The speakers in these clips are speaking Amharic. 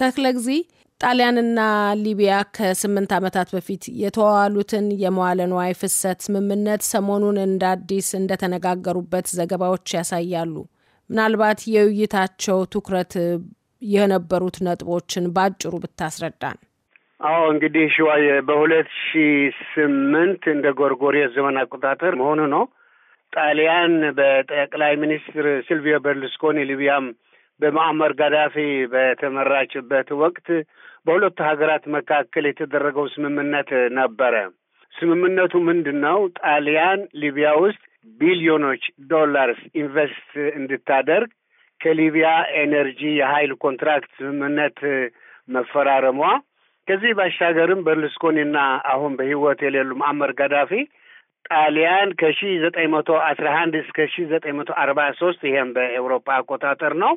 ተክለ ጊዜ ጣሊያንና ሊቢያ ከስምንት ዓመታት በፊት የተዋዋሉትን የመዋለ ንዋይ ፍሰት ስምምነት ሰሞኑን እንደ አዲስ እንደተነጋገሩበት ዘገባዎች ያሳያሉ። ምናልባት የውይይታቸው ትኩረት የነበሩት ነጥቦችን ባጭሩ ብታስረዳን። አዎ እንግዲህ ሸዋዬ በሁለት ሺ ስምንት እንደ ጎርጎሪ ዘመን አቆጣጠር መሆኑ ነው። ጣሊያን በጠቅላይ ሚኒስትር ሲልቪዮ በርሉስኮኒ ሊቢያም በማዕመር ጋዳፊ በተመራችበት ወቅት በሁለቱ ሀገራት መካከል የተደረገው ስምምነት ነበረ። ስምምነቱ ምንድን ነው? ጣሊያን ሊቢያ ውስጥ ቢሊዮኖች ዶላርስ ኢንቨስት እንድታደርግ ከሊቢያ ኤነርጂ የኃይል ኮንትራክት ስምምነት መፈራረሟ፣ ከዚህ ባሻገርም በርሉስኮኒ አሁን በህይወት የሌሉ ማዕመር ጋዳፊ ጣሊያን ከሺ ዘጠኝ መቶ አስራ አንድ እስከ ሺ ዘጠኝ መቶ አርባ ሶስት ይሄም በኤውሮፓ አቆጣጠር ነው።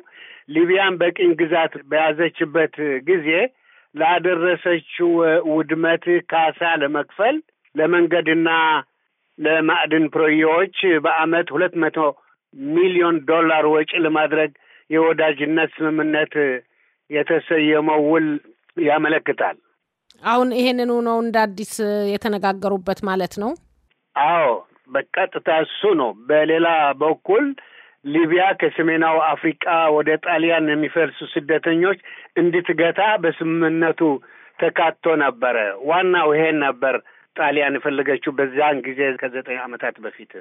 ሊቢያን በቅኝ ግዛት በያዘችበት ጊዜ ላደረሰችው ውድመት ካሳ ለመክፈል ለመንገድና ለማዕድን ፕሮዬዎች በአመት ሁለት መቶ ሚሊዮን ዶላር ወጪ ለማድረግ የወዳጅነት ስምምነት የተሰየመው ውል ያመለክታል። አሁን ይሄንኑ ነው እንደ አዲስ የተነጋገሩበት ማለት ነው። አዎ በቀጥታ እሱ ነው። በሌላ በኩል ሊቢያ ከሰሜናዊ አፍሪቃ ወደ ጣሊያን የሚፈልሱ ስደተኞች እንድትገታ በስምምነቱ ተካቶ ነበረ። ዋናው ይሄን ነበር ጣሊያን የፈለገችው በዚያን ጊዜ ከዘጠኝ ዓመታት በፊት።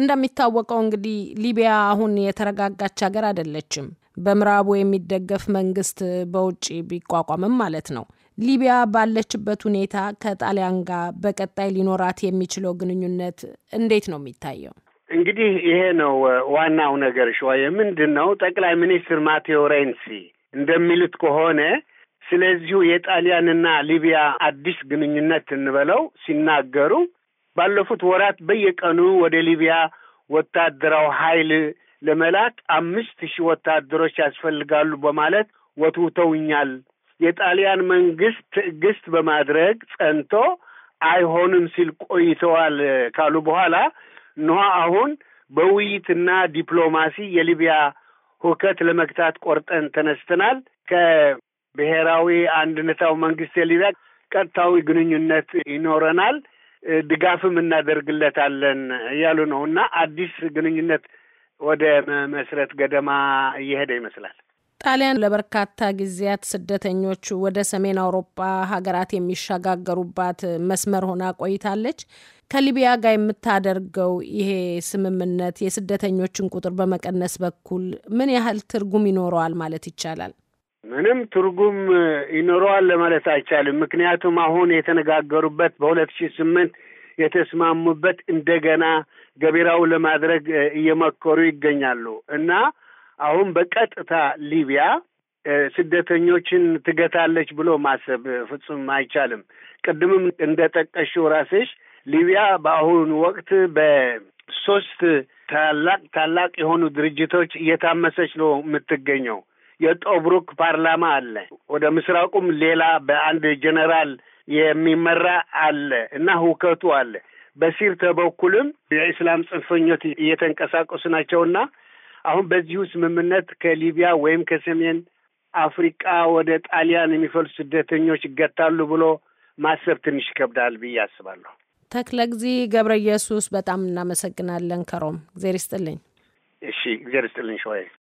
እንደሚታወቀው እንግዲህ ሊቢያ አሁን የተረጋጋች ሀገር አይደለችም። በምዕራቡ የሚደገፍ መንግስት በውጭ ቢቋቋምም ማለት ነው። ሊቢያ ባለችበት ሁኔታ ከጣሊያን ጋር በቀጣይ ሊኖራት የሚችለው ግንኙነት እንዴት ነው የሚታየው? እንግዲህ ይሄ ነው ዋናው ነገር ሸዋዬ። ምንድን ነው ጠቅላይ ሚኒስትር ማቴዎ ሬንሲ እንደሚሉት ከሆነ ስለዚሁ የጣሊያንና ሊቢያ አዲስ ግንኙነት እንበለው ሲናገሩ ባለፉት ወራት በየቀኑ ወደ ሊቢያ ወታደራዊ ኃይል ለመላክ አምስት ሺህ ወታደሮች ያስፈልጋሉ በማለት ወትውተውኛል የጣሊያን መንግስት ትዕግስት በማድረግ ጸንቶ አይሆንም ሲል ቆይተዋል ካሉ በኋላ እንሆ አሁን በውይይትና ዲፕሎማሲ የሊቢያ ሁከት ለመግታት ቆርጠን ተነስተናል። ከብሔራዊ አንድነታዊ መንግስት የሊቢያ ቀጥታዊ ግንኙነት ይኖረናል፣ ድጋፍም እናደርግለታለን እያሉ ነው እና አዲስ ግንኙነት ወደ መመስረት ገደማ እየሄደ ይመስላል። ጣሊያን ለበርካታ ጊዜያት ስደተኞች ወደ ሰሜን አውሮፓ ሀገራት የሚሸጋገሩባት መስመር ሆና ቆይታለች። ከሊቢያ ጋር የምታደርገው ይሄ ስምምነት የስደተኞችን ቁጥር በመቀነስ በኩል ምን ያህል ትርጉም ይኖረዋል ማለት ይቻላል? ምንም ትርጉም ይኖረዋል ለማለት አይቻልም። ምክንያቱም አሁን የተነጋገሩበት በሁለት ሺ ስምንት የተስማሙበት እንደገና ገቢራው ለማድረግ እየመከሩ ይገኛሉ እና አሁን በቀጥታ ሊቢያ ስደተኞችን ትገታለች ብሎ ማሰብ ፍጹም አይቻልም። ቅድምም እንደጠቀሽው ራስሽ ሊቢያ በአሁኑ ወቅት በሶስት ታላቅ ታላቅ የሆኑ ድርጅቶች እየታመሰች ነው የምትገኘው። የጦብሩክ ፓርላማ አለ፣ ወደ ምስራቁም ሌላ በአንድ ጀነራል የሚመራ አለ እና ህውከቱ አለ። በሲርተ በኩልም የኢስላም ጽንፈኞች እየተንቀሳቀሱ ናቸውና አሁን በዚሁ ስምምነት ከሊቢያ ወይም ከሰሜን አፍሪቃ ወደ ጣሊያን የሚፈል ስደተኞች ይገታሉ ብሎ ማሰብ ትንሽ ይከብዳል ብዬ አስባለሁ። ተክለ ጊዜ ገብረ ኢየሱስ በጣም እናመሰግናለን። ከሮም እግዜር ይስጥልኝ። እሺ እግዜር ይስጥልኝ ሸዋዬ።